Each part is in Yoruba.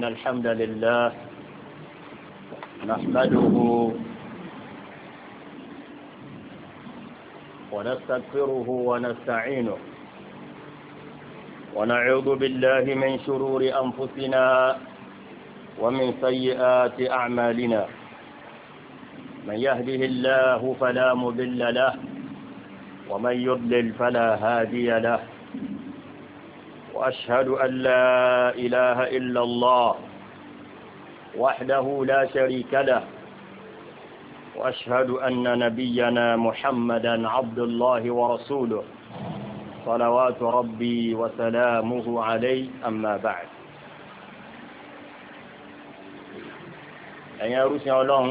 إن الحمد لله نحمده ونستغفره ونستعينه ونعوذ بالله من شرور أنفسنا ومن سيئات أعمالنا من يهده الله فلا مضل له ومن يضلل فلا هادي له وأشهد أن لا إله إلا الله وحده لا شريك له وأشهد أن نبينا محمدا عبد الله ورسوله صلوات ربي وسلامه عليه أما بعد ẹ̀yin arúsìn ọlọ́run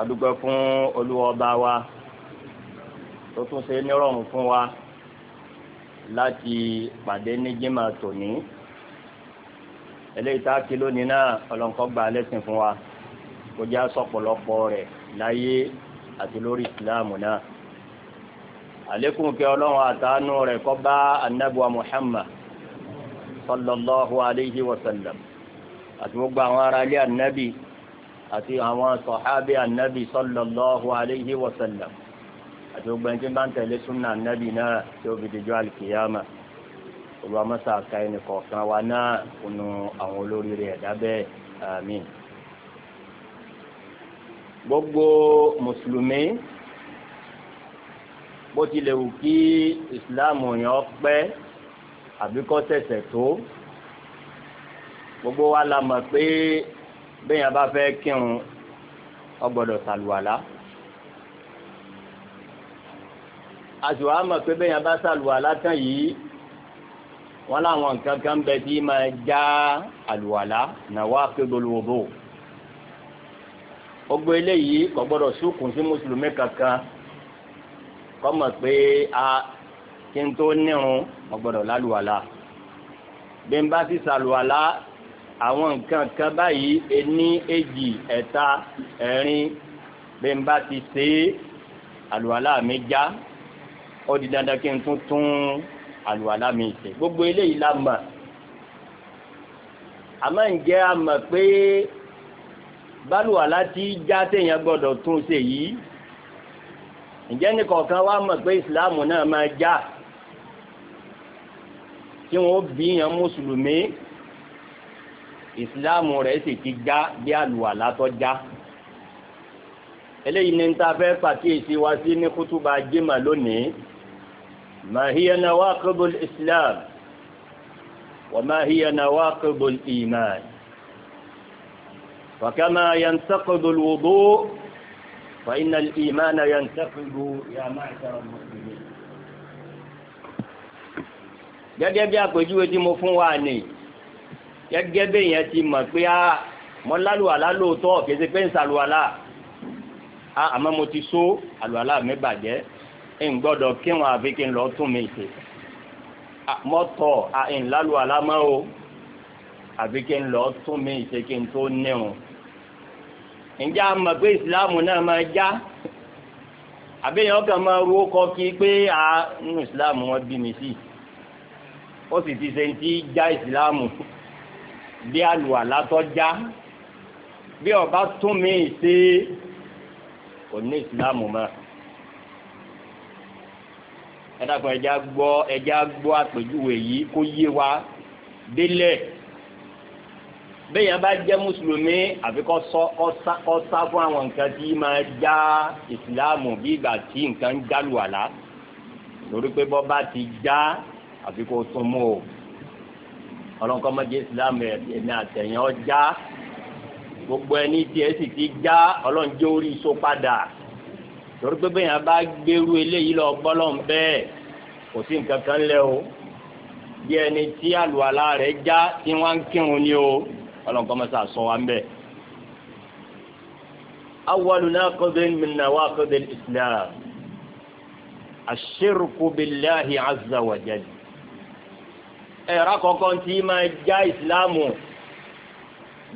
adúgbò fún olúwọba tó tún ṣe nírọ̀rùn fún wa láti pàdé ní jimá tòní eléyìí tá a kí lónìí náà ọlọ́nkọ́ gba lẹ́sìn fún wa kó já sọ̀pọ̀lọpọ̀ rẹ̀ láyé àti lórí ìsìláàmù náà àlékún kí ọlọ́run àtàánú rẹ̀ kó bá anábùwà Muhammad sallallahu alayhi wa sallam àti gbogbo àwọn ará ilé anábì àti àwọn sọ̀hábì anábì sallallahu alayhi wa sallam àti gbogbo ẹni tí ń bá ń tẹ̀lé súnà nẹ́bì náà tí ó fi dijọ́ àlìkìyàmà olùwàmọ́sà ka ẹnì kọ̀ọ̀kan wa náà kunu àwọn olóríire ẹ̀dá bẹ́ẹ̀ àmín. gbogbo mùsùlùmí bó tilẹ̀ wù kí ìsìláàmù yẹn pẹ́ àbíkọ́ ṣẹ̀ṣẹ̀ tó gbogbo wa la mọ̀ pé bẹ́ẹ̀ yẹn bá fẹ́ kírun ó gbọ́dọ̀ àṣùwà mọ̀ pé bẹ́ẹ̀ yẹn bá ṣàlùwà látàn yìí wọ́n láwọn nǹkan kan bẹ tí máa já àlùwàlá nawaqidul wudu gbogbo eléyìí kò gbọ́dọ̀ sókun sí mùsùlùmí kankan kó mọ̀ pé a kí n tó nírun mo gbọ́dọ̀ lálùwàlá bí n bá ti ṣàlùwàlá àwọn nǹkan kan báyìí ení èjì ẹ̀ta ẹ̀rin bí n bá ti ṣe àlùwàlá mi já ó di dandan kí n tún tún àlùwàlá mi ṣe gbogbo eléyìí la mọ̀ àmọ́ ǹjẹ́ a mọ̀ pé bálùwàlá tí já téèyàn gbọ́dọ̀ tún ṣe yìí ǹjẹ́ nìkọ̀ọ̀kan wá mọ̀ pé ìsìláàmù náà máa já tí wọ́n bí yàn mùsùlùmí ìsìláàmù rẹ̀ sì ti já bí àlùwàlá tó já eléyìí ni ń ta fẹ́ pàkíyèsí wá sí ní kútúbà jímà lónìí ما هي نواقض الإسلام وما هي نواقض الإيمان فكما ينتقض الوضوء فإن الإيمان ينتقض يا معشر المسلمين gẹ́gẹ́ bí àpèjúwe tí mo fún wa ní gẹ́gẹ́ bí èèyàn ti mọ̀ pé a mọ lálùwàlá lóòótọ́ kìí ṣe pé ń ṣàlùwàlá àmọ́ mo ti sọ àlùwàlá mi bàjẹ́ ń gbọ́dọ̀ kí wọn àfi kí n lọ tún mi ṣe mọ́tọ̀ àìlálu àlámọ́ o àfi kí n lọ tún mi ṣe kí n tó nírun ǹjẹ́ a mọ̀ pé ìsìláàmù náà máa já àbẹ́yàn kan máa ru ó kọ́ kí pé a nù ìsìláàmù wọn bí mi sí ó sì ti ṣe ti já ìsìláàmù bí àlùwàlá tó já bí ọba tún mi ṣe kò ní ìsìláàmù máa ẹ̀dàkùn ẹja gbọ́ ẹja gbọ́ àpèjúwe yìí kó yé wa délẹ̀ bẹ́yàn bá jẹ́ mùsùlùmí àfi kọ́ sá fún àwọn nǹkan tí máa já ìsìláàmù bí ìgbà tí nǹkan ń jálù àlá lórí pé bọ́ bá ti já àfi kó tún mú o ọlọ́nkọ́ mọ́jẹ́ ìsìláàmù ẹ̀mí àtẹ̀yìn ọjà gbogbo ẹni tí ẹ sì ti já ọlọ́njẹ́ orí iṣó padà torí pé bẹ́ẹ̀ yẹn bá gbèrú eléyìí lọ bọ́lọ́n bẹ́ẹ̀ kò sí nǹkan kan lẹ́ o bí ẹni tí àlùwàlá rẹ̀ já tí wọ́n ń kírun ni o ọlọ́run kọ́ mọ́sá sọ wa ń bẹ̀. awwalu naqidin min nawaqidil islam ash-shirku billahi azza wa jalla ẹ̀rọ kọ̀ọ̀kan tí máa já ìsìláàmù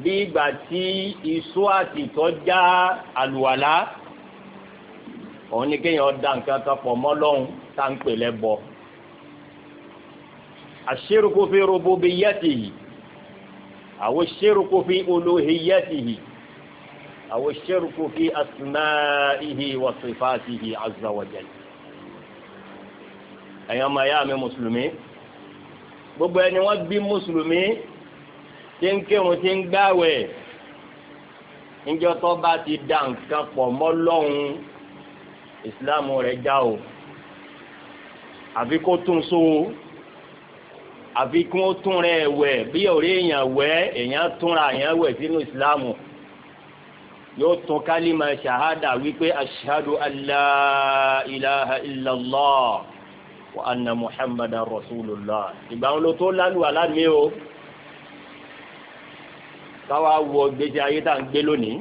bí ìgbà tí ìṣó àtìtọ́ já àlùwàlá. òun ni kéèyàn da nǹkan kan pọ̀ mọ́ lọ́hùn tá à ń pè lẹ́bọ. àṣírùkù fi rububiyyatihi àwọn ṣírùkù fi uluhiyyatihi àwọn fi asma'ihi wa sifatihi azza wa ẹ̀yàn máa yá mi mùsùlùmí gbogbo ẹni wọ́n bí mùsùlùmí tí ń kírun tí ń gbáwẹ̀ tó bá ti da nǹkan ìsìláàmù rẹ̀ já o àfi kó tún so o àfi kí wọ́n tún rẹ̀ wẹ̀ bí òrí èèyàn wẹ̀ èèyàn túnra èèyàn wẹ̀ sínú ìsìláàmù yóò tún kálímà ṣàhádà wípé aṣáájú aláìláha wa anna muhammadan rasulullah ìgbà wọn ló tó lálù alámi o káwa wọ gbèsè ayé tá à ń gbé lónìí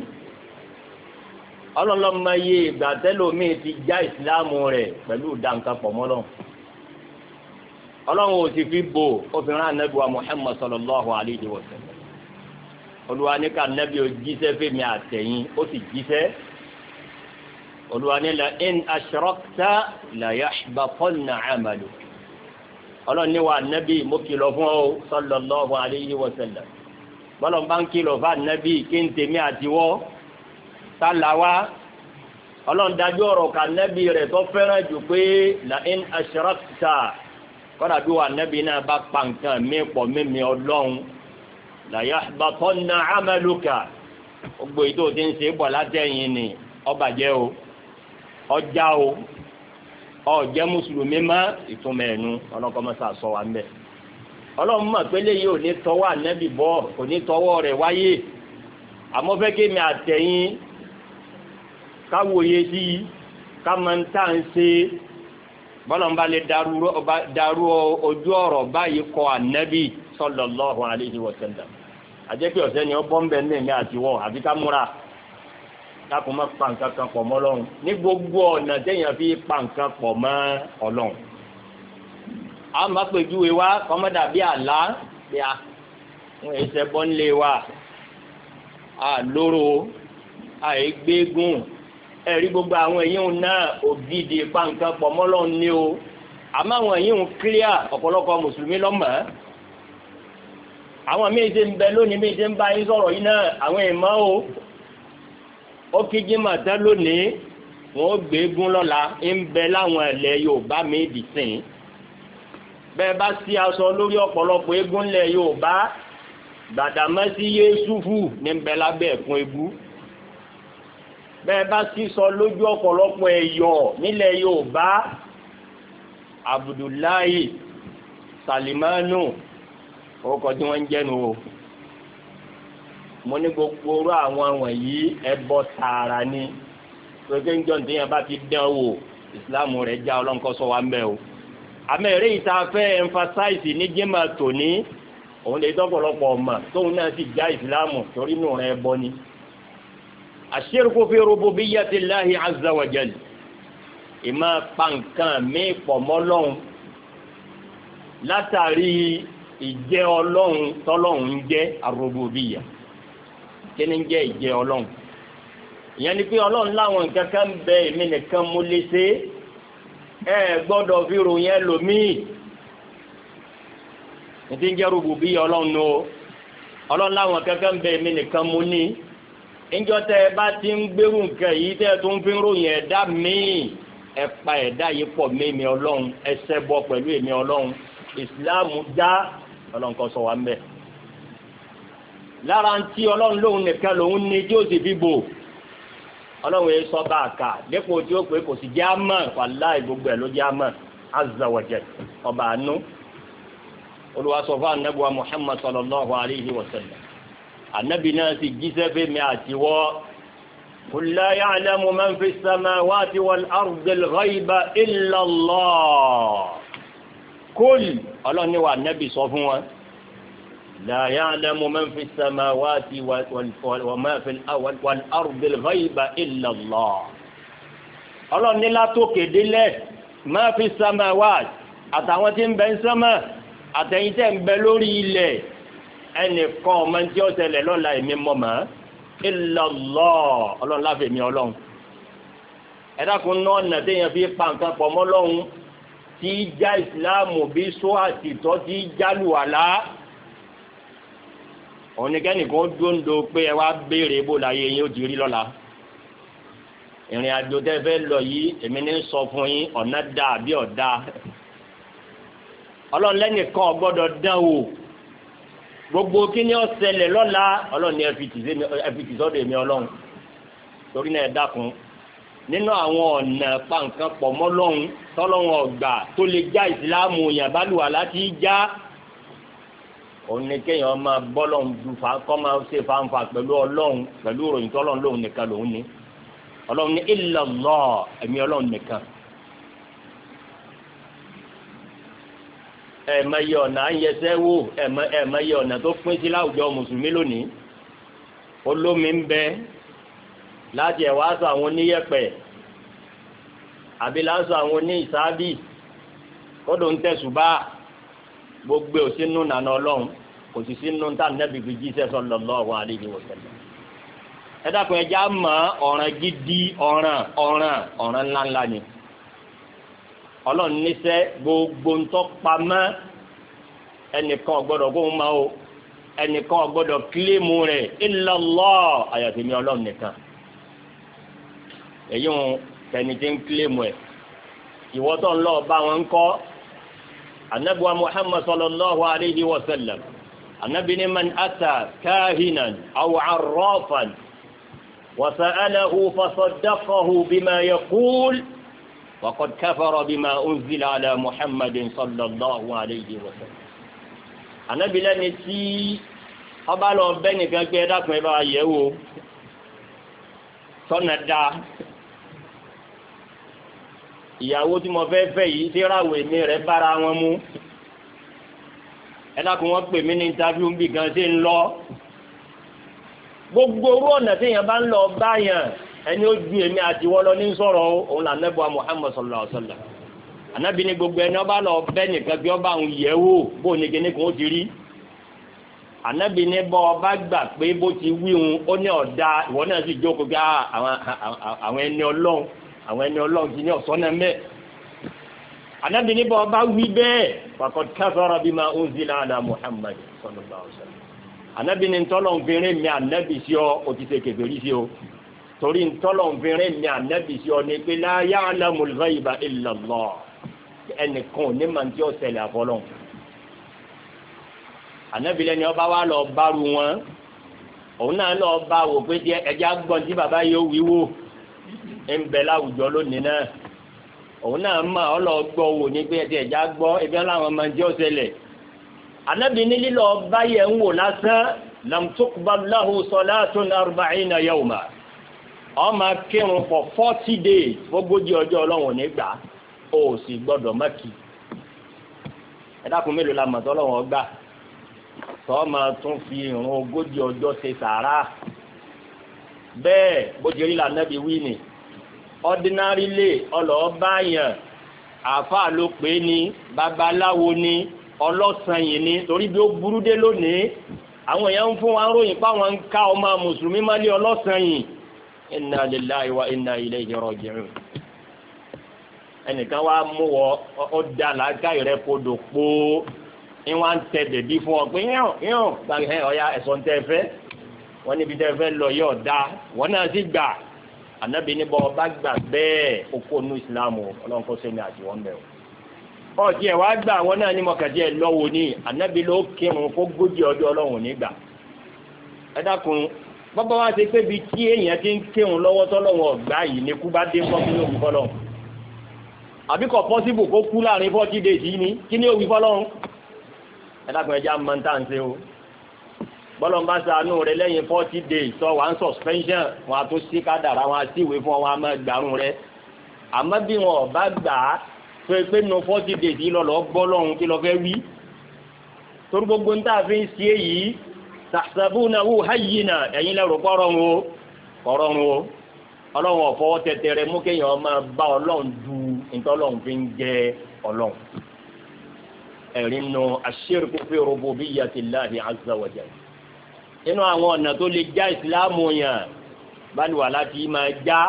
ọlọ́lọ́mọ yé ìgbà tẹ́lómi ti já ìsìláàmù rẹ̀ pẹ̀lú ìdáǹkan pọ̀ mọ́lọ́ ọlọ́run ò sì fi bò obìnrin anábìwá Muhammad sallallahu alayhi wa sallam olúwa ní ká anábì ó jíṣẹ́ fèmí àtẹ̀yìn ó sì jíṣẹ́ olúwa ní la in ashrakta la yahbatanna amaluk ọlọ́run ní wa anábì mo kìlọ̀ fún ọ sallallahu alayhi wa sallam bọ́lọ̀ bá ń kìlọ̀ fún anábì kí n tèmi àtiwọ́. t'alawa wa ọlọ́run dájú ọ̀rọ̀ ka nẹ́bi rẹ̀ tó fẹ́ràn jù pé la in ashrafta kọ́dà bí wà nẹ́bi náà bá pa nǹkan mí pọ̀ mímí ọlọ́run la yahbatanna amaluka gbogbo ètò tí ń ṣe bọ̀ látẹ̀yìn ni ọbàjẹ́ o ọjà o ọ̀jẹ́ mùsùlùmí má ìtumọ̀ ẹ̀nu ọlọ́kọ́mọ́sá sọ wa ń bẹ̀ ọlọ́run mọ̀ pé léyìí ò ní tọwọ́ ànẹ́bì bọ́ kò ní tọwọ́ rẹ̀ wáyé àmọ́ fẹ́ kí mi àtẹ̀yìn káwòye sí ká máa ń tà ń ṣe bọ́lọ̀mbà lè darú ojú ọ̀rọ̀ báyìí kọ ànábì sallallahu alaihi wasallam àjẹ́kẹ́ ọ̀sẹ́ ni ó bọ́m̀bẹ̀ mẹ́mí àti wọ́n àbí ká múra lákùn mọ́ pa nǹkan kan pọ̀ mọ́ ọlọ́run ní gbogbo ọ̀nà téèyàn fi pa nǹkan pọ̀ mọ́ ọlọ́run a máa pèjúwe wa kọ́mọ́dà bí àlá bí a ń ẹsẹ̀ bọ́ nílé wa àlóró àìgbégùn ẹ̀rí gbogbo àwọn èyí ń ná ògidì pàǹkan pọ̀ mọ́lọ́ ní o àmọ́ àwọn èyí ń kílíà ọ̀pọ̀lọpọ̀ mùsùlùmí lọ́mọ̀ àwọn míì ti ń bẹ lónìí míì ti ń bá yín sọ̀rọ̀ yín náà àwọn ìmọ̀ o ó kí jimá tẹ́ lónìí wọn ó gbé gún lọ́la ń bẹ láwọn ẹ̀lẹ́ Yorùbá mi dì sìn bẹ́ẹ̀ bá sí aṣọ lórí ọ̀pọ̀lọpọ̀ eégún Yorùbá Bàdámẹ́sì Yéṣùfù ní ń bẹ́ẹ̀ bá sì sọ lójú ọ̀pọ̀lọpọ̀ ẹ̀yọ̀ nílẹ̀ Yorùbá Abdullahi Salimanu orúkọ tí wọ́n ń jẹ́nu o mo ní gbogbo orú àwọn wọ̀nyí ẹbọ tààrà ni pẹ̀lú ìjọ tí yẹn bá ti dán wò ìsìláàmù rẹ̀ já ọlọ́nkọ́ sọ wa ń bẹ̀ o àmẹ́rẹ́ ìta fẹ́ emphasize ní jẹ́mà tòní òun lè dọ́pọ̀lọpọ̀ ọmọ tóun náà sì já ìsìláàmù torí rẹ̀ bọ́ ni àṣírkù fi rububiyyati Allahi azza wa jal ìmọ̀ pàǹkan mi pọ̀ mọ́ Ọlọ́hun látàrí ìjẹ́ ọlọ́run tọ́lọ́run ń jẹ́ ar-rububiyyah kí ni ń jẹ́ ìjẹ́ ọlọ́run ìyẹn ni pé ọlọ́run láwọn nǹkan kan bẹ èmi nìkan mo lè ṣe ẹ gbọ́dọ̀ fi ròyìn ẹlòmíì ní ti ń jẹ́ rububiyyah ọlọ́run o ọlọ́run láwọn nǹkan kan bẹ èmi nìkan mo ní. níjọ́ tẹ́ ẹ bá ti ń gbérù nǹkan yìí tẹ́ ẹ tó ń fi ròyìn ẹ̀dá míì ẹ pa ẹ̀dá yìí pọ̀ mímí ọlọ́run èmi lára ń tí ọlọ́run lóun nìkan lòun ní tí ó sì sọ bá a kà dípò tí ó kò ló muhammad sallallahu alayhi wa sallam. ànábì náà sì jíṣẹ́ fẹ́ mi àti wọ́ qul la ya'lamu man fi samawati wal ardi al-ghayba illa Allah qul ọlọ́niwà ànábì sọ fún wọn la ya'lamu man fi samawati wal ardi al-ghayba illa Allah ọlọ́nilá tó kéde lẹ̀ man fi samawati àtàwọn tí ń ẹnìkan ọmọ tí ó tẹlẹ lọ́la èmi mọ̀ mọ́ ilọ̀lọ́ ọlọ́run láfi èmi ọlọ́run ẹ̀dàkùn náà nà téèyàn fi pa nǹkan pọ̀ mọ́ lọ́hùn tí í já ìsìláàmù bí sọ àtìtọ́ tí í jálù àlá òun ni kẹ́nìkan dóńdó pé ẹ wá béèrè bó la yẹ yín ó ti rí lọ́la ìrìn àjò tẹ́ fẹ́ lọ yìí èmi ní sọ fún yín ọ̀nà dáa bí ọ̀dá ọlọ́run lẹ́nìkan ọgbọ́dọ̀ dán wò gbogbo kíni ó ṣẹlẹ̀ lọ́la ọlọ́run ní ẹ̀fìtì sọ́dọ̀ èmi ọlọ́run torí náà ẹ dákun nínú àwọn ọ̀nà pàǹkan pọ̀ mọ́lọ́run tọ́lọ́run ọ̀gbà tó lè já ìsìláàmù yàn bálùwà láti já òun ni kéèyàn máa bọ́lọ́run du fa kọ́ máa ṣe fanfa pẹ̀lú ọlọ́run pẹ̀lú ìròyìn tọ́lọ́run lòun nìkan lòun ni ọlọ́run ní illallah ẹ̀mí ọlọ́run nìkan ẹ̀mẹyẹ ọ̀nà à ń yẹsẹ́ wò ẹ̀mẹyẹ ọ̀nà tó pín sí láwùjọ mùsùlùmí lónìí olómi ń bẹ láti ẹ̀wá sọ àwọn oníyẹ̀pẹ̀ àbí láti sọ àwọn oníìsáábì kọ́dọ̀ ń tẹ̀sùbá gbogbo òsínú nànà ọlọ́run kò sì sínú tá nẹ́bí fi jíṣẹ́ sallallahu alaihi wa sallam ẹ dákun ẹja mọ ọ̀ràn gidi ọ̀ràn ọ̀ràn ọ̀ràn ńláńlá ni ọlọ́run níṣẹ́ gbogbo ńtọ́ pamọ́ ẹnìkan ọ̀gbọ́dọ̀ kó ń ma o ẹnìkan ọ̀gbọ́dọ̀ kílíìmù rẹ̀ illallah àyàfi mi ọlọ́run nìkan èyí ń tẹni tí ń kílíìmù ẹ̀ ìwọ́tọ̀ ńlọ bá wọn kọ́ anabiwa muhammad sallallahu alayhi wa sallam anabi ni man ata kahinan aw arrafan wa sa'alahu fasaddaqahu bima yaqul. وقد كفر بما أنزل على محمد صلى الله عليه وسلم Ànábì lẹ́ni tí ọba lọ bẹ́ nìkan pé ẹ̀dàkùn ẹbá yẹ̀wò sọ́nà dá ìyàwó tí mo fẹ́ fẹ́ yìí tí ráwò èmi rẹ̀ bára wọn mú ẹ̀dàkùn wọn pè mí ní interview bí kan ṣe ń lọ gbogbo orú ọ̀nà tí èèyàn bá ń lọ báyàn ẹni ó ju èmi àti wọ́n ní sọ̀rọ̀ òun là nẹ́bù wa Muhammad sallallahu alaihi wasallam ànábì ní gbogbo ẹni ọba lọ bẹ́ nìkan bí ọba òun yẹ̀ wò bó ní kíní kan ó ti rí ànábì ní bọ́ ọba gbà pé bó ti wí òun ó ní ọ̀dà ìwọ náà sì jókòó gá ah, àwọn ẹni ọlọ́run àwọn ẹni ọlọ́run ti ní ọ̀sán mẹ́ ànábì ní bọ́ ọba wí bẹ́ẹ̀ faqad kafara bima unzila Muhammad sallallahu alaihi wasallam ànábì ń fi rí mi ànábì sí ọ ó ti ṣe kèfèrí torí ntọ́lọ̀nfẹ́rẹ́ ní ànábì sí ọdún pé la ya'lamul ghaiba illa Allah ẹnìkan ní màá tí ó ṣẹlẹ̀ àfọlọ́n ànábì lẹ́ni ọba wa lọ bárù wọn òun náà lọ bá wò pé ẹja gbọ́n tí bàbá yóò wíwò ń bẹ láwùjọ lónìí náà òun náà mà ọ lọ wò ní pé ẹja gbọ́ ebi aláwọn máa tí ó ṣẹlẹ̀ ànábì ní lílọ báyẹ̀ ń wò lásán lam tuqbal lahu salatun arba'ina yawma ọ máa kírun for forty days fógójì ọjọ́ ọlọ́run nígbà ó sì gbọ́dọ̀ mọ́kì ẹ dákun mélòó la mọ̀ tó ọlọ́run gbà tó máa tún fi ìrun ogójì ọjọ́ ṣe sàárà bẹ́ẹ̀ bó ti rí lànàbí wí ni ordinary lè ọlọ́ọ̀báyàn àáfàá ló pé ni babaláwo ni ọlọ́sàn yìí ni torí bí ó burú dé lónìí àwọn èèyàn ń fún wa ń ròyìn páwọn ń ká ọmọ mùsùlùmí má lé ọlọ́sàn yìí inna lillahi wa inna ilayhi raji'un ẹnìkan wàá mú wọ ọdà làákà rẹ kodò kpó ìwà ń tẹ bèbí fún ọ pé yíyan yíyan hẹ ọya ẹsọ ń tẹ fẹ́ níbi tẹ lọ yóò da wọ́n náà sì gbà ọba gbà nu kó àti o. ọ̀tí wá gbà náà ní lọ́wọ́ ló bọ́bọ́ wá ṣe pé bí tí èèyàn ti ń kéhùn lọ́wọ́ tọ́lọ́wọ́ ọ̀gbá yìí ní kú bá dé fọ́kínú òwú fọ́lọ́run àbíkọ̀ pọ́síbù kó kú láàrin fọ́tí dé sí ní kí ní òwú fọ́lọ́run ẹ̀dàkùn ẹja mọ́ tá à ń ṣe o bọ́lọ́n bá ṣàánú rẹ lẹ́yìn fọ́tí dé sọ wà ń suspension wọn àtó sí kádàrá wọn àti ìwé fún wọn àmọ́ gbàrún rẹ àmọ́ bí wọn ọ̀bá gbà á tó pé nu fọ́tí dé sí lọ́lọ́ gbọ́ lọ́run kí lọ fẹ́ wí torí gbogbo ń tà fi ń ṣe yìí tàṣàbùnàwó hayina ẹ̀yin lẹ́rù kọ́rọ̀rùn o kọ́rọ̀rùn o ọlọ́run ọ̀fọwọ́ tẹ̀tẹ̀rẹ̀ mú kéèyàn máa bá ọlọ́run du ntọ́lọ́run fi ń jẹ ọlọ́run ẹ̀rín nu aṣ-ṣirku fi rububiyyatillahi azza wa jalla nínú àwọn ọ̀nà tó lè já ìsìláàmù yàn báluwà láti máa já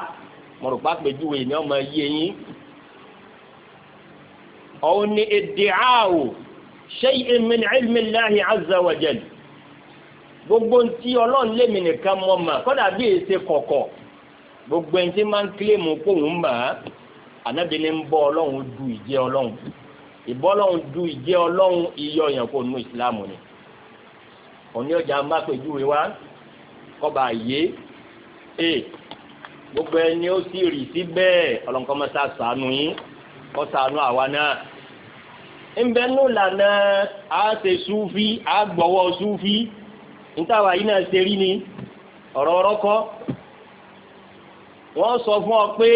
mọ̀rùpá pèjúwe ni ọmọ yé yín òun ni iddi'a'u shay'in min ilmi Allahi azza wa jalla gbogbo ntí ọlọ́run lémi nìkan mọ̀ mà kọ́dà bí èsè kọ̀kọ̀ gbogbo ntí máa ń kílèmù kóhùn mà á ànábi ní ń bọ́ ọlọ́run du ìjẹ́ ọlọ́run ìbọ́ ọlọ́run du ìjẹ́ ọlọ́run iyọ̀ ọ̀yàn kò nu ìsìlámù ni òní ọjà má pèjúwe wá kọ́ba yé e gbogbo ẹni ó sì rì sí bẹ́ẹ̀ ọlọ́nkọ́ máa sá sànù yín kọ́ sànù àwa náà ńbẹ́nu lànà àá ṣe súfí àá gbọ́wọ́ súfí nítawà yìí náà ṣe rí ni ọ̀rọ̀ ọ̀rọ̀ kọ́ wọ́n sọ fún ọ pé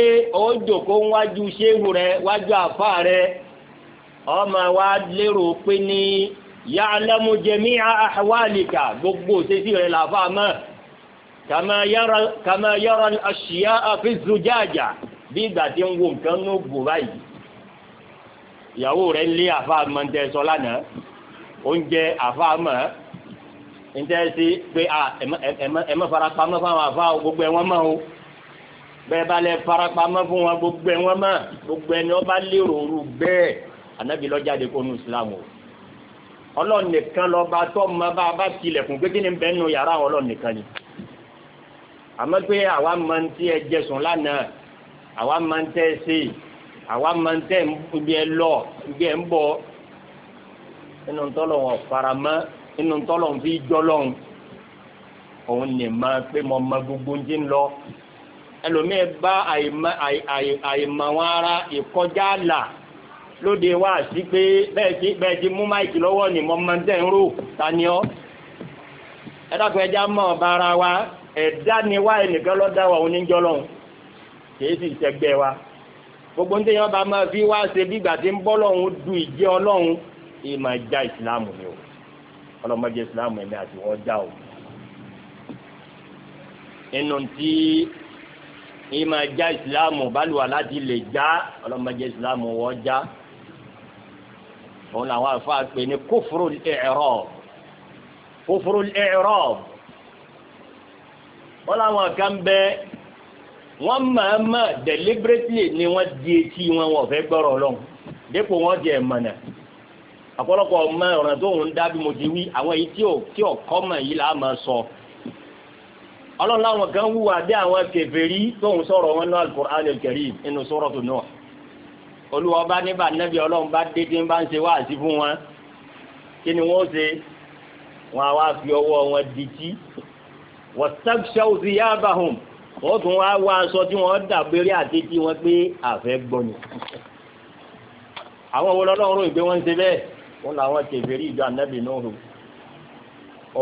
ó jòkó wájú ṣéwù rẹ wájú àfa rẹ ọmọ wa lérò pé ní ya'lamu jami'a ahwalika gbogbo òṣèṣì rẹ làfa mọ́ kàmá yára kàmá yára ashiya'a fi zujaja bí ìgbà tí ń wo nǹkan ní ògbò báyìí ìyàwó rẹ lé àfa mọ́ ń tẹ́ sọ lánàá oúnjẹ àfa mọ́ njẹ́ ṣe pé ẹ mọ́ farapamọ́ fáwọn àfa gbogbo ẹ̀ wọ́n mọ́ o bẹ́ẹ̀ bá lẹ farapamọ́ fún wọn gbogbo ẹ̀ wọ́n mọ́ gbogbo ẹni wọ́n bá lérò òru bẹ́ẹ̀ ànábì lọ́jáde kó nu Islam o ọlọ́run nìkan lọ́ba tó mọ bá a bá tilẹ̀kùn pé kí ni bẹ́ẹ̀ nu yàrá àwọn ọlọ́run nìkan ni àmọ́ pé àwa máa ń tí ẹ jẹsùn lánàá àwa máa ń tẹ́ ẹ àwa máa ń tẹ́ ibi ẹ lọ ibi ẹ ń bọ̀ nínú tọ́lọ̀ wọn faramọ́ inú tọ́lọ̀ ń fi jọ́ lọ́hùn òun ní máa pé mo mọ gbogbo ń jí ń lọ ẹlòmíì bá àìmọ̀ wọn ara ìkọjá àlà lóde wá sí pé bẹ́ẹ̀ ti mú máìkì lọ́wọ́ ni mo máa ń tẹ̀ ń rò ta ni ọ́ ẹ dákun ẹja mọ̀ ọba ara wa ẹ̀dá ni wá ẹnìkan lọ́dá wa òun lọ́hùn kìí sì sẹgbẹ́ wa gbogbo ń tẹ̀yìn ọba máa fi wá ṣe bí ìgbà tí ń bọ́ lọ́hùn du ìjẹ́ ọlọ́hùn ìmọ̀ ìjà ìsìlámù ni o ọlọ́mọdé islam ẹ̀mí àti wọ́n já o. nínú tí yìí máa já islam bálùwà láti lè já ọlọ́mọdé islam wọ́n já òun làwọn àfáà pè ní kófòrò ẹ̀rọ kófòrò ẹ̀rọ wọ́n làwọn kan bẹ́ẹ̀ wọ́n máa ma deliberately ni wọ́n di etí wọn wọ́n fẹ́ gbọ́rọ̀ lọ́hùn dépò wọ́n di ẹ̀mọ̀nà. E ọ̀pọ̀lọpọ̀ ọmọ ọ̀ràn tó ń dá bí mo ti wí àwọn èyí tí ò tí ò kọ́ mọ̀ yìí là á máa sọ. ọlọ́run láwọn kan wúwa bí àwọn kèfèrí tóun sọ̀rọ̀ wọn náà Al-Qur'an al-Karim nínú Suratu Nuh. olúwa bá níbà nẹ́bí ọlọ́run bá dé tí ń bá ń ṣe wáàsí fún wọn kí ni wọ́n ṣe wọn àwa fi ọwọ́ wọn di tí wastaghshaw thiyabahum wọ́n tún wá wá aṣọ tí wọ́n dàgbére àti tí wọ́n gbé àfẹ́ gbọ́ni àwọn wo ìgbé wọn ń ṣe bẹ́ẹ̀ wọn làwọn kèfèrí ìjọ ànábì Nuhu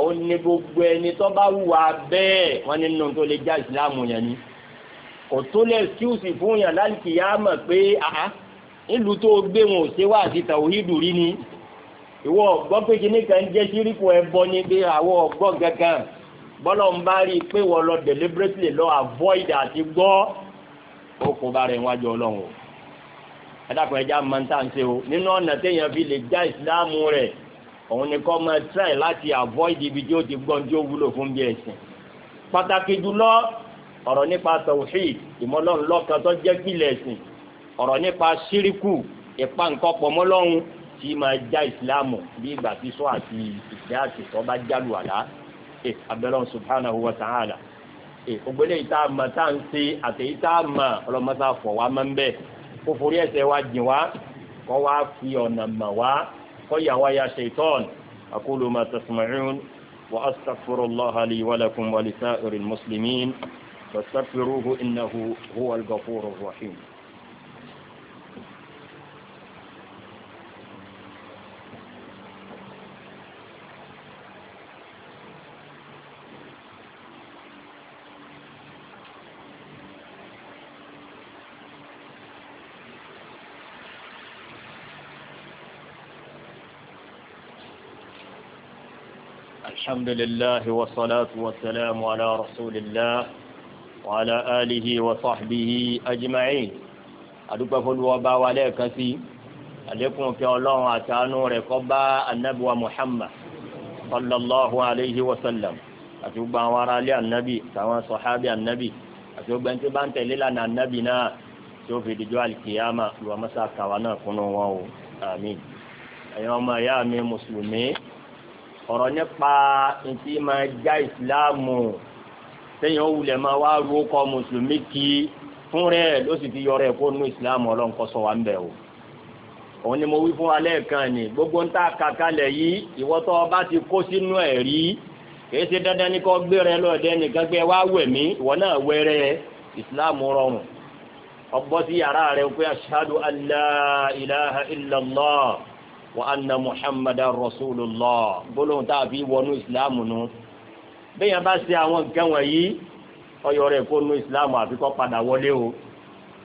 òun ní gbogbo ẹni tó bá wùwà bẹ́ẹ̀ wọ́n nínú tó lè já ìsìláàmù yẹn ni kò tó lè ṣíùsì fún yàn láìkì yá mọ̀ pé àá nílùú tó gbé wọn ò ṣe wá àti tàwíìdù rí ni ìwọ ọgbọ́n pé kí nìkan jẹ́ síríkù ẹbọ ní bí àwọn ọgbọ́n gangan bọ́lọ̀ ń bá rí i pé wọ́n lọ deliberately lọ avoid àti gbọ́ okùn bá rẹ̀ wájú ọlọ́run o ẹ̀dàkùn ẹja máa ń tà ń ṣe o nínú ọ̀nà téèyàn fi lè já ìsìláàmù rẹ̀ òun ni kọ́ máa try láti avoid ibi tí ó ti gbọ́n tí ó wúlò fún bí ẹ̀sìn pàtàkì jùlọ ọ̀rọ̀ nípa tawhid ìmọ̀lọ́run lọ́kan tó jẹ́ pìlẹ̀ ẹ̀sìn ọ̀rọ̀ nípa ṣíríkù ìpa nǹkan pọ̀ mọ́lọ́run tí máa já ìsìláàmù bí ìgbà tí sọ àti ìgbà àti sọ bá jálù àlá ẹ abẹ́lọ́run subhanahu wa ta'ala ẹ ògbélé ìta àmà tá à ń ṣe àtẹ̀yí tá àmà ọlọ́mọ́sá fọ̀ wá máa kó forí ẹ̀ṣẹ̀ wa jìn wá kó wá fi ọ̀nà mọ̀ wá kó yà wá ya ṣaitan aqulu ma tasma'un wa astaghfirullaha li wa lakum wa lisa'iril muslimin fastaghfiruhu innahu huwal ghafurur rahim. الحمد لله والصلاة والسلام على رسول الله وعلى آله وصحبه أجمعين adúpẹ́ fọlùwọ́ba wa lẹ́ẹ̀kan sí àlékún kí ọlọ́run àtàánú rẹ̀ kó bá ànábì wa muhammad sallallahu alayhi wa sallam àti gbogbo àwọn ará ilé ànábì àtàwọn sọ̀hábì ànábì àti gbogbo ẹni tí bá ń tẹ̀lé lànà ànábì náà tí ó fi dijọ́ àlìkìyàmà lùwà mọ́sá kàwa náà kúnnú wọn o àmín ẹ̀yin ọmọ ìyá mi mùsùlùmí ọ̀rọ̀ nípa ntí máa já ìsìláàmù sẹ́yìn ó wulẹ̀ máa wá rúkọ mùsùlùmí kí fún rẹ̀ ló sì ti yọrọ ẹ̀ kó nu ìsìláàmù ọlọ́nkọ́sọ wa ń bẹ̀ o òun ni mo wí fún alẹ́ kan ni gbogbo ń tà kàkálẹ̀ yìí ìwọ́tọ́ ọba ti kó sínú ẹ̀ rí kìí ṣe dandan ní kọ́ gbére lọ́ọ̀dẹ́ nìkan gbé wá wẹ̀ mí ìwọ náà wẹ̀rẹ̀ ìsìláàmù rọrùn ọgbọ́ sí yàrá rẹ̀ pé ashhadu an la ilaha illallah wa anna muhammadan rasulullah gbólóhùn tá a fi wọnú ìsìláàmù nu bẹ́ẹ̀ yẹn bá ṣe àwọn nǹkan wọ̀nyí ọyọ rẹ̀ kó nu ìsìláàmù àfikọ́ padà wọlé o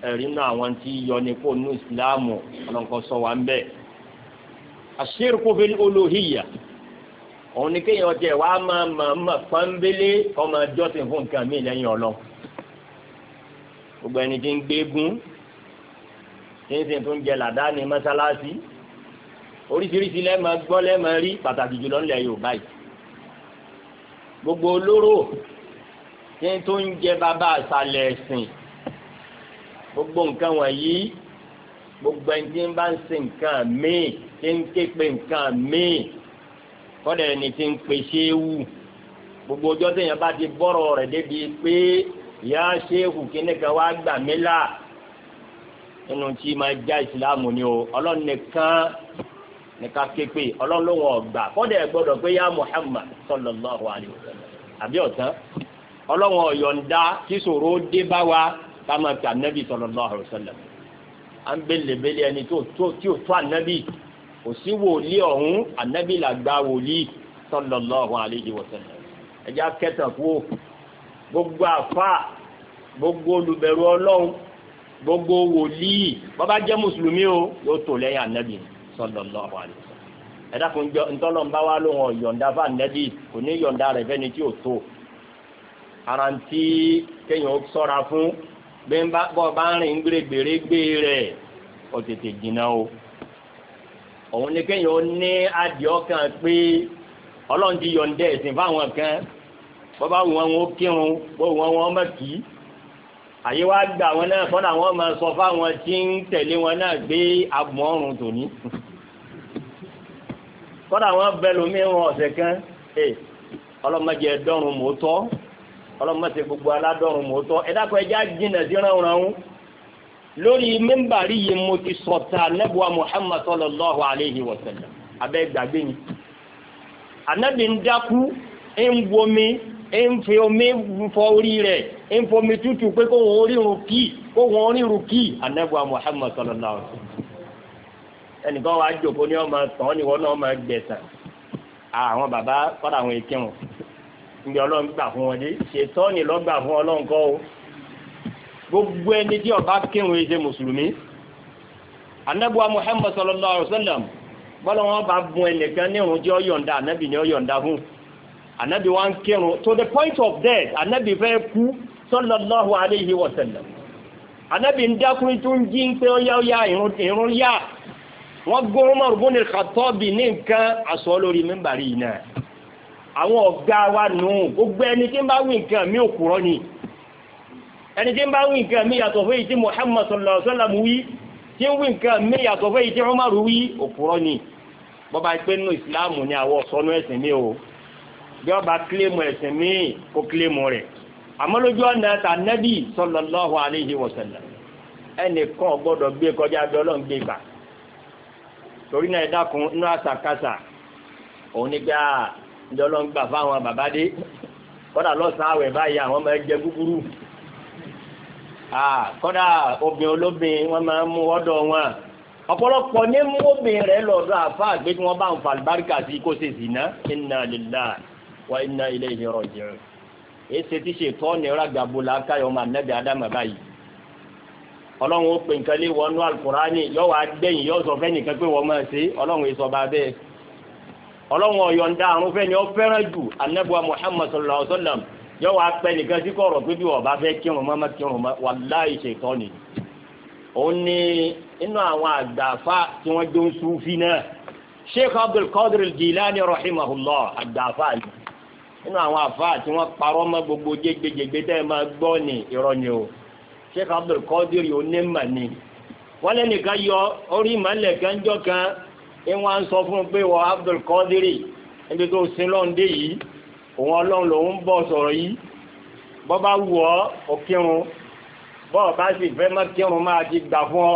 ẹ̀rí náà àwọn tí yọ ni kó nu ìsìláàmù ọlọ́nkọ́ sọ wà ń bẹ̀. àṣírkù fil uluhiyya òun ni kéèyàn tiẹ̀ wá máa máa pọ́nbélé kọ́ máa jọ́sìn fún nǹkan mí lẹ́yìn ọlọ́run gbogbo ẹni tí ń gbégún tí ń sìn tó ń jẹ làdá ní mọ́sálásí oríṣiríṣi lẹ́ẹ̀mọ gbọ́ lẹ́ẹ̀mọ rí pàtàkì jùlọ ńlẹ̀ Yorùbá yìí gbogbo olóró tí ń tó ń jẹ bàbá àṣàlẹ̀ ẹ̀sìn gbogbo nǹkan wọ̀nyí gbogbo ẹni tí ń bá ń ṣe nǹkan míì tí ń ké pe nǹkan míì kọ́dà ẹni tí ń pe ṣéwù gbogbo ọjọ́ téèyàn bá ti bọ́rọ̀ rẹ̀ débi pé ìyá ṣéwù kíní kan wá gbà mí là nínú tí máa já ìsìláàmù ni o ọlọ́run nìkan ní ká ké pé ọlọ́run ló wọn ọgbà kọ́dẹ̀ ẹ̀ gbọ́dọ̀ pé yá Muhammad sallallahu alaihi wasallam àbí ọ̀tán ọlọ́run ọ̀yọ̀ǹda kí sòro dé bá wa ká máa fi ànábì sallallahu alaihi wasallam à ń bẹ̀lẹ̀ bẹ̀lẹ̀ ẹni tí ò tó ànábì kò sí wòlíì ọ̀hún ànábì làgbà wòlíì sallallahu alaihi wasallam ẹja kẹta kú gbogbo àfa gbogbo olùbẹ̀rù ọlọ́run gbogbo wòlíì bàbá jẹ́ mùsùlùmí o yóò tò lẹ́yìn ànábì ni sallallahu alaihi wasallam ẹ̀dá kan jọ ntọ́lọ́mbá wa ló wọn yọ̀ǹda fún ànẹ́bí kò ní yọ̀ǹda sọ́ra fún bí n bá bọ́ bá ń rìn gbèrègbèrègbè rẹ̀ ó tètè jìnnà o òun ni kéèyàn ní adìẹ ọkàn pé ọlọ́run ti yọ̀ǹda ẹ̀sìn fáwọn kan bọ́ bá wù wọn wọn ó kírun bó wù wọn wọn mọ̀ kí àyè wá gbà wọn náà fọ́nà wọn máa sọ fáwọn tí ń tẹ̀lé wọn náà gbé agbọ̀n ọ̀run tòní kọ́dà wọn bẹ̀lú mi wọn ọ̀sẹ̀ kan ẹ ọlọ́mọdé ẹ̀dọ́rùn mọ́tọ́ ọlọ́mọdé gbogbo aládọ́rùn mọ́tọ́ ẹ dákọ̀ ẹja jìnà sí ránranrun lórí mímbàrí yìí mo ti sọ̀tà nẹ́bùwà Muhammad sallallahu alayhi wa sallam abẹ́ gbàgbé yìí ànábì ń dákú ń bomi ń fi omi fọ orí rẹ̀ ń fomi tútù pé kó wọn orírun kí kó wọn orírun kí ànábùwà Muhammad sallallahu alayhi wa sallam ẹnìkan wàá jòkó ní ọmọ tán ni wọn náà máa gbẹ̀sán àwọn bàbá kọ́dà àwọn èké wọn níbi ọlọ́run gbà fún wọn dé ṣètọ́ ni lọ́gbà fún ọlọ́run kọ́ o gbogbo ẹni tí ọba kéwọn ṣe mùsùlùmí anabuwa muhammad sallallahu alaihi wa sallam bọ́lá wọn bá bun ẹnìkan ní irun jẹ́ ọ̀yọ̀ǹda anabi ni ọ̀yọ̀ǹda fún anabi wa ń to the point of death anabi fẹ́ kú sallallahu alaihi wa sallam anabi ń dákun tó ń jí ń pé ọyá ọyá irun yá wọ́n gún Umar ibn al-Khattab ní nǹkan aṣọ lórí mímbàrí yìí náà àwọn ọ̀gá wa nù gbogbo ẹni tí ń bá wí nǹkan mi ò kúrọ́ ni ẹni tí ń bá wí nǹkan mi yàtọ̀ fún èyí tí Muhammad wí tí ń wí nǹkan mi yàtọ̀ fún èyí tí Umar wí òkúrọ́ ni bọ́ba pé nínú ìsìláàmù ni àwọn ọ̀sọ́nú ẹ̀sìn mi o bí wọ́n bá kílèmù ẹ̀sìn mi kó kílèmù rẹ̀ àmọ́ lójú ọ̀nà ta nẹ́bì sallallahu alaihi wasallam ẹnìkan gbọ́dọ̀ gbé kọjá bí ọlọ́run gbé gbà torí náà ẹ dákun inú àṣàkáṣà òun ní ah, gbà ìjọlọ ń gbà fáwọn bàbá dé kọ́dà lọ́sàn àwẹ̀ báyìí àwọn ọmọ ẹgbẹ́ gúgúrú ah, kọ́dà obìnrin olóbìnrin wọ́n máa ń mú ọ̀dọ̀ wọn ọ̀pọ̀lọpọ̀ ní mú obìnrin rẹ̀ lọ́dọ̀ àfa àgbé tí wọ́n bá ń fa sí kó ṣe zìnà inna lillahi wa inna ilayhi raji'un èsì ti ṣètọ́ ní rágbàbọ̀lá káyọ̀ ọmọ ànábì ádámà báyìí ọlọ́run ó pè nǹkan lé wọnú alukurani yóò wá gbẹ̀yìn yóò sọ fẹ́ni kan pé wọ́n máa ṣe ọlọ́run èso ọba bẹ́ẹ̀ ọlọ́run ọ̀yọ̀ǹda àrùn fẹ́ni ó fẹ́ràn jù anabuwa muhammad sallallahu alayhi wa sallam yóò wá pẹ́ nìkan sí kọ̀rọ̀ pé bí wọ́n bá fẹ́ kírun mọ́ má kírun mọ́ wàláì ṣètọ́ ni òun ni inú àwọn àgbàfà tí wọ́n jó ń súnfì náà sheikh abdul qadir jilani rahimahullah àgbàfà ni inú sheikh abdul qadir onímọ̀ ni wọ́n lẹ́nìkan yọ orí ìmọ̀lẹ̀ kanjọ́ kan ní wọ́n á sọ fún un pé wọ́n abdul qadir níbi tó sin lọ́n dé yìí òun ọlọ́run lòun bọ̀ sọ̀rọ̀ yìí bọ́ bá wù ọ́ òkírun bọ́ bá sì fẹ́ má kírun máa ti gbà fún ọ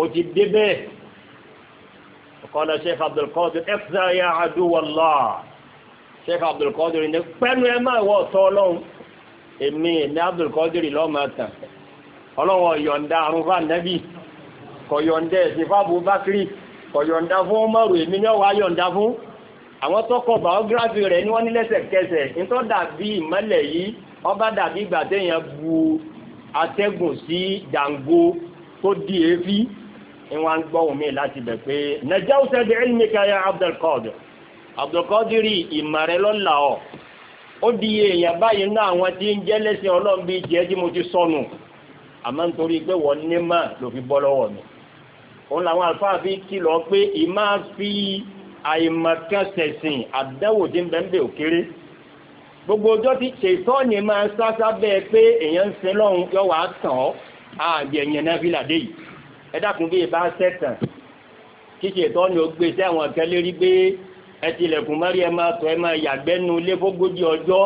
o ti dé bẹ́ẹ̀ ọ̀kọ́lọ̀ sheikh abdul qadir ẹ̀fẹ́ ya aduwallah sheikh abdul qadir ní pẹ́nu ẹ máa wọ́ ọ̀tọ́ ọlọ́run èmi ní abdul qadir lọ́mọ tàn ọlọ́wọ́ yọ̀ǹda àrùn fà nẹ́bí kọ̀ yọ̀ǹda ẹ̀sìn fábù bákírí kọ̀ yọ̀ǹda fún ọmọrù èmi ní ọwà yọ̀ǹda fún àwọn tọ́kọ̀ biography rẹ̀ ní wọ́n ní lẹ́sẹ̀kẹsẹ̀ nítọ́ dàbí ìmọ́lẹ̀ yìí ọba dàbí ìgbà téèyàn bu atẹ́gùn sí dàngó tó di èéfí ìwọ̀n gbọ́hùn mi láti èèyàn báyìí náà àwọn tí ń jẹ́ lẹ́sìn ọlọ́run jẹ́ tí mo ti sọnù àmọ́ nítorí pé wọ́n ní mà ló fi bọ́ lọ́wọ́ mi òun làwọn àlùfáà fi kìlọ̀ pé ìmá fi àìmọ̀kan sẹ̀sìn àdánwò tí ń bẹ ń bẹ òkéré gbogbo ọjọ́ tí ṣètọ́ọ̀nì máa sásá bẹ́ẹ̀ pé èèyàn ń sin lọ́hùn yọ wàá tàn ọ́ àgbẹ̀ ẹ̀yẹn náà fi làdé yìí ẹ dákun bí ìbá sẹ́tàn kí ṣètọ́ọ̀nì ó gbé sí àwọn kan pé ẹ tilẹ̀kùn mọ́rí ẹ máa tọ́ ẹ máa yàgbẹ́nu ilé fógójì ọjọ́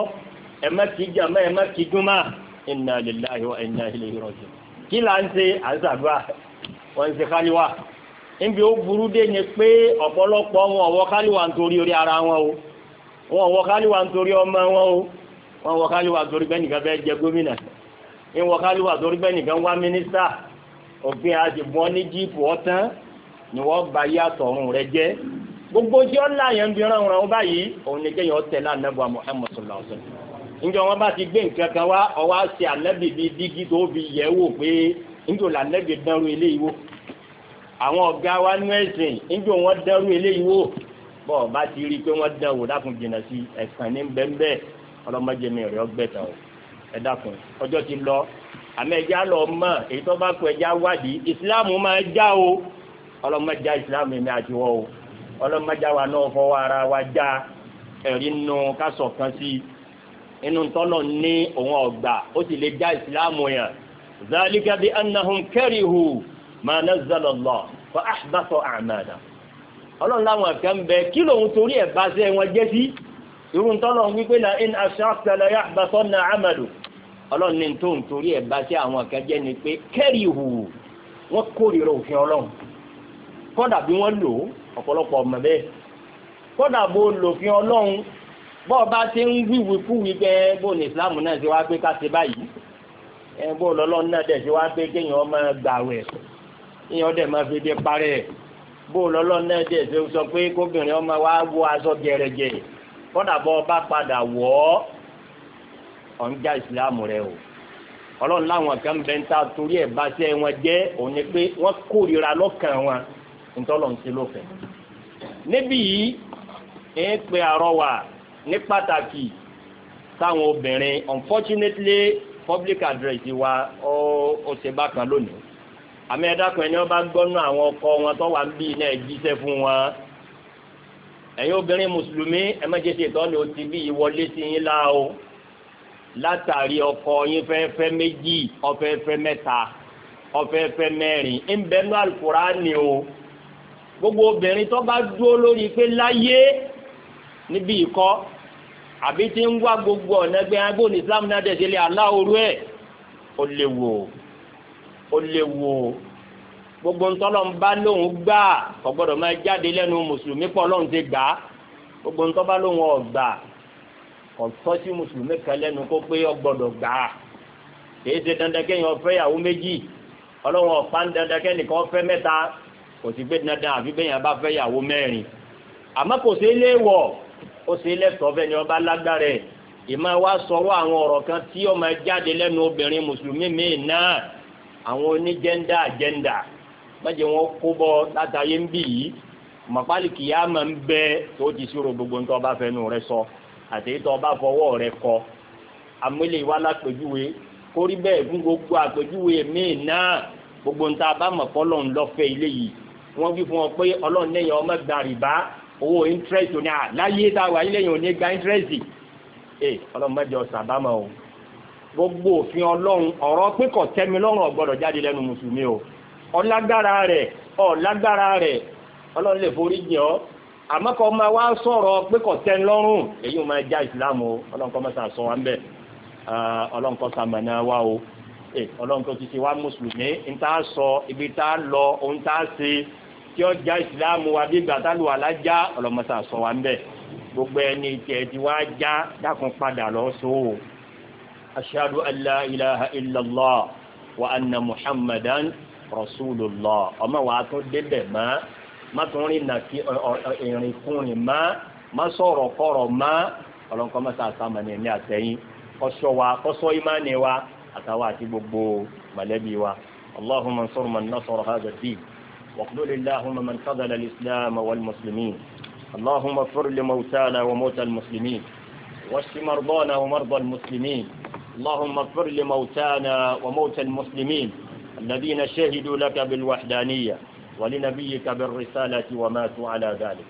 ẹ má kí jàmá ẹ má kí júmọ́ inna lillahi wa inna ilayhi raji'un kí là ń ṣe àṣàdúrà wọ́n ń ṣe káríwá níbi ó burú dé ni pé ọ̀pọ̀lọpọ̀ wọn ọ̀wọ́ káríwá nítorí orí ara wọn o wọn ọ̀wọ́ káríwá nítorí ọmọ wọn o wọn ọ̀wọ́ káríwá nítorí bẹ́ẹ̀ nìkan fẹ́ jẹ gómìnà ìwọ̀ káríwá nítorí bẹ́ẹ̀ nìkan wá mínísítà òfin àdìbò ní jíìpù ọ̀tán ni wọ́n bá yí àtọ̀run rẹ jẹ́ gbogbo tí ó láyẹ̀ ń bí ránran báyìí òun ni kéèyàn tẹ̀lé ànábì Muhammad sallallahu alaihi wasallam njọ wọn bá ti gbé nǹkan kan wá ọwọ àti ànábì bíi dígí tó fi yẹ̀ wò pé njọ lànábì dánrú eléyìí wò àwọn ọ̀gá wa nú ẹ̀sìn njọ wọn dánrú eléyìí wò bọ bá ti rí i pé wọn dán wò dákun jìnnà sí ẹ̀san ní bẹńbẹ ọlọmọdé mi rẹ ọgbẹta o ẹ dákun ọjọ́ ti lọ àmì lọ mọ èyí tó bá kọ ẹja wádìí ìsìláàmù máa já o ọlọmọdé ìsìláàmù mi àti wọ o ọlọmọdé wa náà fọwọ́ ara wa já ẹ̀rí nù kásọ̀ kan sí i. inú tọ́lọ̀ ní òun ọ̀gbà ó sì lè já ìsìláàmù yàn zalika bi annahum karihu ma nazzala Allah fa ahbata a'mala ọlọ́run láwọn kan bẹ kí lòun torí ẹ̀ bá wọn jẹ́ sí irú wípé la in ashrakta la yahbatanna 'amalu ọlọ́run ní tó torí ẹ̀ bá sí àwọn kan jẹ́ ni pé karihu wọ́n kórìíra òfin ọlọ́run kọ́dà bọ́ọ̀ bá ṣe ń wíwí fúwí pé bó ní ìsìláàmù náà ṣe wá pé ká ṣe báyìí bó lọ́lọ́run náà dẹ̀ ṣe wá pé kéèyàn ọmọ gbàwẹ̀ kéèyàn dẹ̀ máa fi dé parẹ́ bó lọ́lọ́run náà dẹ̀ ṣe sọ pé kóbìnrin ọmọ wa wọ aṣọ gẹ̀rẹ̀gẹ̀ kọ́dà bọ́ọ̀ bá padà wọ̀ ọ́ ọ̀n já ìsìláàmù rẹ o ọlọ́run láwọn kan bẹ́ẹ̀ ń ta torí ẹ̀ bá ṣe wọn jẹ́ òun ni pé wọ́n kórìíra lọ́kàn wọn nítorí ọlọ́run ṣe lófin níbí yìí èé pe àrọ́wà ní pàtàkì táwọn obìnrin unfortunately public address wa ó ṣe bákan lónìí àmì ẹ̀dákan ẹni wọ́n bá gbọ́nú àwọn ọkọ wọn tó wà ń bí iná ẹ̀jíṣẹ́ fún wọn ẹ̀yin obìnrin mùsùlùmí ẹ má jẹ́ ṣe ìtọ́ni ti bí ìwọlé sí yín lá o látàrí ọkọ yín fẹ́ fẹ́ méjì ó mẹ́ta ó fẹ́ fẹ́ mẹ́rin ń bẹnu àlùkùránì o gbogbo obìnrin tó bá dúró lórí pé láyé níbi ìkọ́ àbí tí ń wá gbogbo ọ̀nà gbé agbó ní islam náà tẹ̀sí lé aláorú ẹ̀ ó léwu ó léwu gbogbo ntọ́lọ́n bá lóun gbà kò gbọ́dọ̀ máa jáde lẹ́nu mùsùlùmí pọ̀ lóun ti gbà gbogbo ntọ́ bá lóun ọ̀gbà kò tọ́ sí mùsùlùmí kan lẹ́nu kó pé ó gbọ́dọ̀ gbà kìí ṣe dandan kéèyàn fẹ́ ìyàwó méjì ọlọ́run ọ̀pá ń dandan kẹ́nìkan fẹ́ mẹ́ta kò sì gbé dandan àfi bẹ́yàn bá fẹ́ ìyàwó mẹ́rin àmọ́ kò sí léèwọ̀ ó sì lẹ́tọ̀ọ́ bẹ́ẹ̀ ni ọba lágbára ẹ̀ ìmọ̀ wa sọ̀rọ̀ àwọn ọ̀rọ̀ kan tí ó máa jáde lẹ́nu obìnrin mùsùlùmí míì náà àwọn onígẹ́ndà àjẹ́ndà mẹ́jẹ̀ wọn kó bọ́ látàyé ń bì yìí mọ̀pálì kìyà máa ń bẹ tó ti ṣòro gbogbo nítorí ọba fẹnu rẹ sọ àti tó ọba fọwọ́ rẹ kọ amúlẹ̀ ìwà lápèjúwe kórí bẹ́ẹ̀ fún gbogbo àpèjúwe míì náà gbogbo níta bá mọ̀ fọlọ́run ilé yìí wọ́n wí fún ọ pé ọlọ́run lẹ́yìn ọmọ gbàrìbá owó interest ní àláyé táwà ilé yìí ò ní gba interest ẹ ọlọ́mọdé ọ̀sán bámọ̀ o gbogbo òfin ọlọ́run ọ̀rọ̀ pé kò tẹ́mi lọ́rùn ọ̀gbọ́dọ̀ jáde lẹ́nu mùsùlùmí o ọlágbára rẹ̀ ọlágbára rẹ̀ ọlọ́run lè forí jìn ọ́ àmọ́ kọ́ máa wá sọ̀rọ̀ pé kò tẹ́mi lọ́rùn èyí máa já ìsìlámù o ọlọ́run kọ́ mọ́sà sọ wá ń bẹ̀ ọlọ́run kọ́ sàmànà wá o ọlọ́run tó ti ṣe wá mùsùlùmí ń tá a sọ ibi tá a lọ ohun tá a ṣe tí ó já ìsìláàmù wa bí gbàtà lù wà lájá ọlọmọsà sọ wa ń bẹ gbogbo ẹni tiẹ̀ ti wá já dákun padà lọ so o ashadu an la ilaha illallah wa anna muhammadan rasulullah ọmọ wa tún débẹ̀ mọ́ má tún rìn nà kí ìrìn kùnrin mọ́ má sọ̀rọ̀ kọ̀rọ̀ mọ́ ọlọ́nkọ́ mọ́sà sàmánì ní àtẹ̀yìn kọ́sọ́ wa kọ́sọ́ ìmánì wa àtàwọn àti gbogbo mọ̀lẹ́bí wa allahumma ansur man nasara hadha din. واخذل اللهم من خذل الإسلام والمسلمين اللهم اغفر لموتانا وموتى المسلمين واشف مرضانا ومرضى المسلمين اللهم اغفر لموتانا وموتى المسلمين الذين شهدوا لك بالوحدانية ولنبيك بالرسالة وماتوا على ذلك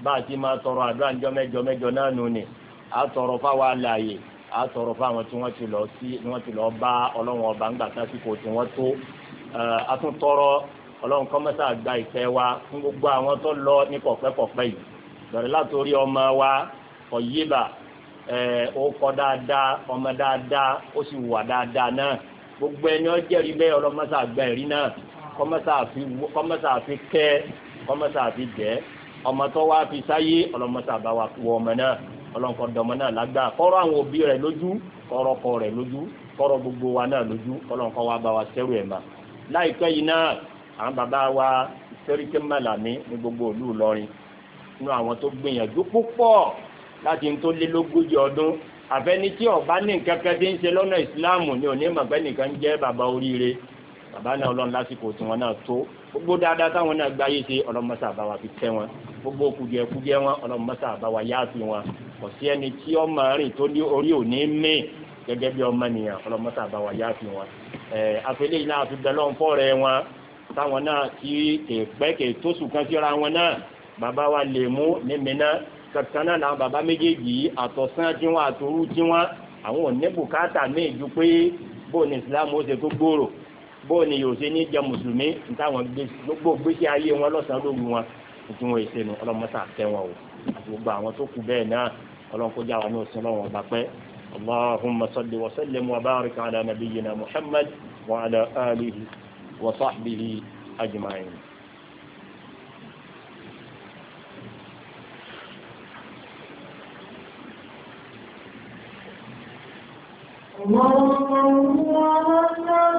بعد ما ترى بان جمع جمع جنانوني أترى فوا أترى فوا تنواتي نواتي لو أولو وبانبا تاسي كو تنواتو أتن ترى ọlọ́run kọ́ mẹ́sà gba ìfẹ́ wa fún gbogbo àwọn tó lọ ní kọ̀pẹ́kọ̀pẹ́ yìí bẹ̀rẹ̀ látòrí ọmọ wa ọ̀yẹ́bà ó kọ́ dáadáa ọmọ dáadáa ó sì wà dáadáa náà gbogbo ẹni ọjẹ́rìí bẹ́ẹ̀ ọlọ́mọ́sà gba ẹ̀rí náà kọ́mọ́sà fi kẹ́ kọ́mọ́sà fi jẹ́ ọmọ tó wá fi sáyé ọlọ́mọ́sà bá wa wọ ọmọ náà ọlọ́nkọ́ dọmọ náà lágbà kọ́rọ̀ àwọn òbí rẹ̀ lójú kọ́rọ̀ kọ́ rẹ̀ lójú kọ́rọ̀ gbogbo wa náà lójú ọlọ́nkọ́ wa bá wa sẹ́rù ẹ̀ mà láìpẹ́ yìí náà àwọn bàbá wa sẹ́ríkẹ́ mẹ́làmí ní gbogbo ìlú Ìlọrin nínú àwọn tó gbìyànjú púpọ̀ láti ń tó lé lógójì ọdún àfẹ́ni tí ọba ní nǹkan kan tí ń ṣe lọ́nà ìsìláàmù ni òní mọ̀gbẹ́ nìkan jẹ́ bàbá oríire bàbá náà ọlọ́run lásìkò tí wọn náà tó gbogbo dáadáa táwọn náà gbáyé ṣe ọlọ́mọṣà àbáwá fi tẹ́ wọn gbogbo kùdìẹ̀kùdìẹ̀ wọn ọlọ́mọṣà àbáwá yáàfin wọn kò sí ẹni tí ọmọ rìn tó ní orí òní mí gẹ́gẹ́ bí ọmọ nìyàn ọlọ́mọṣà àbáwá yáàfin wọn. àfẹlẹ́yìn náà àfi bẹ́ẹ̀ lọ́n fọ́ rẹ̀ wọn táwọn náà tí kèpẹ́kè tó sùkán síra wọn náà bàbá wa lè mú mímínà kankan náà làwọn bàbá méjèèjì àtọ̀sán tí wọ́n àtòrú tí wọ́n àwọn ò bùkátà míì ju pé bó ni Islam ó ṣe tó gbòòrò bó ni yóò ṣe ní jẹ mùsùlùmí táwọn gbogbo gbèsè ayé wọn lọ́sàn-án lóru wọn tí wọ́n ṣe nu ọlọ́mọta tẹ wọn o àti gbogbo àwọn tó kù bẹ́ẹ̀ náà ọlọ́nkọjá wa ní òsín lọ́wọ́ ọba pẹ́ Allahumma salli wa sallim wa barik ala وصحبه أجمعين الله أكبر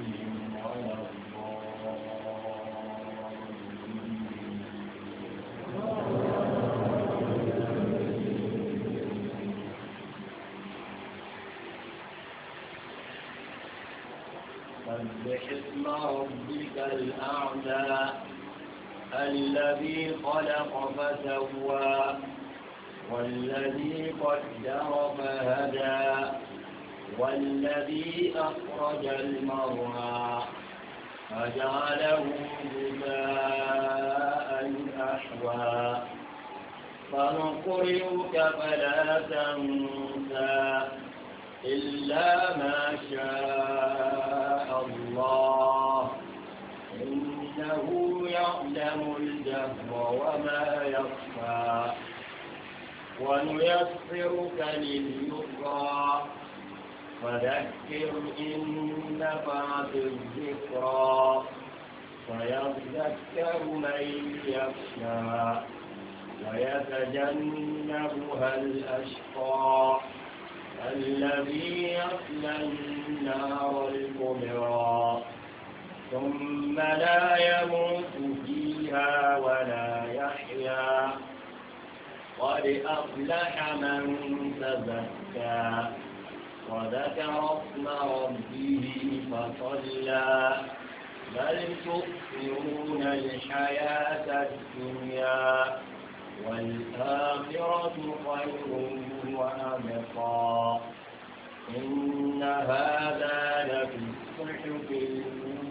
الأعلى الذي خلق فسوى والذي قدر فهدى والذي أخرج المرعى فجعله جزاء أحوى فنقرئك فلا تنسى إلا ما شاء الله يعلم الجهر وما يخفى ونيسرك لليسرى فذكر إن نفعت الذكرى فيذكر من يخشى ويتجنبها الأشقى الذي يصلى النار الكبرى ثم لا يموت فيها ولا يحيا قد أفلح من تزكى وذكر اسم ربه فصلى بل تؤثرون الحياة الدنيا والآخرة خير وأبقى إن هذا لفي الصحف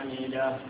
حمده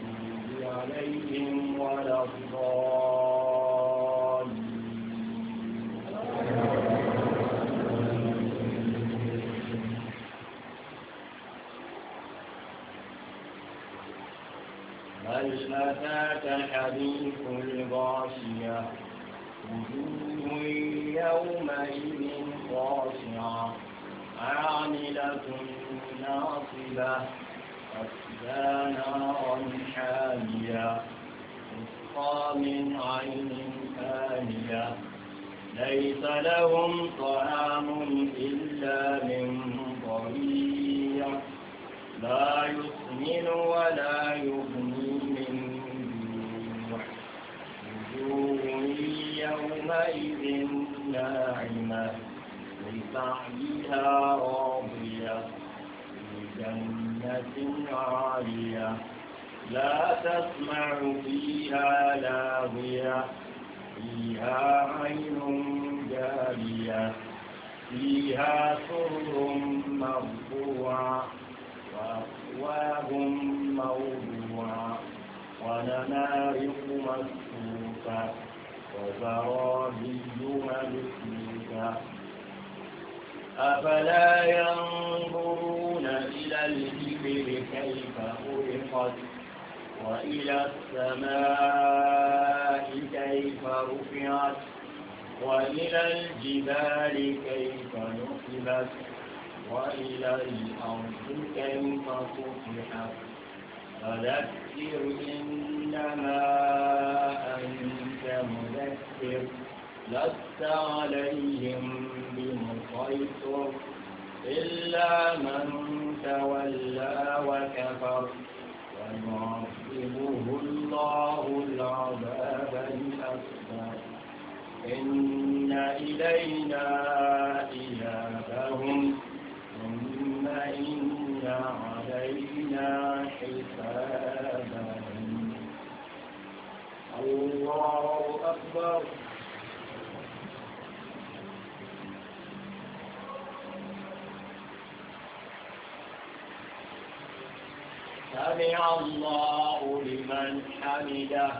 عليهم ولا هل أتاك حديث الغاشية وجوه يومئذ خاشعة عاملة ناصبة حتى نارا حامية تسقى من عين آنية ليس لهم طعام إلا من ضريع لا يسمن ولا يغني من جوع وجوه يومئذ ناعمة لسعيها راضية لا تسمع فيها لاغية فيها عين جارية فيها سر مرفوع وأكواب موضوع ونمارق مسكوكة وزرابي مسكوكة أفلا ينظرون إلى الإبل كيف خلقت وإلى السماء كيف رفعت وإلى الجبال كيف نصبت وإلى الأرض كيف سطحت فذكر إنما أنت مذكر لست عليهم بمسيطر إلا من تولى وكفر ويعذبه الله العذاب الأكبر إن إلينا إيابهم ثم إن علينا حسابهم الله أكبر سمع الله لمن حمده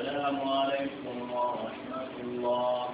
والسلام عليكم ورحمة الله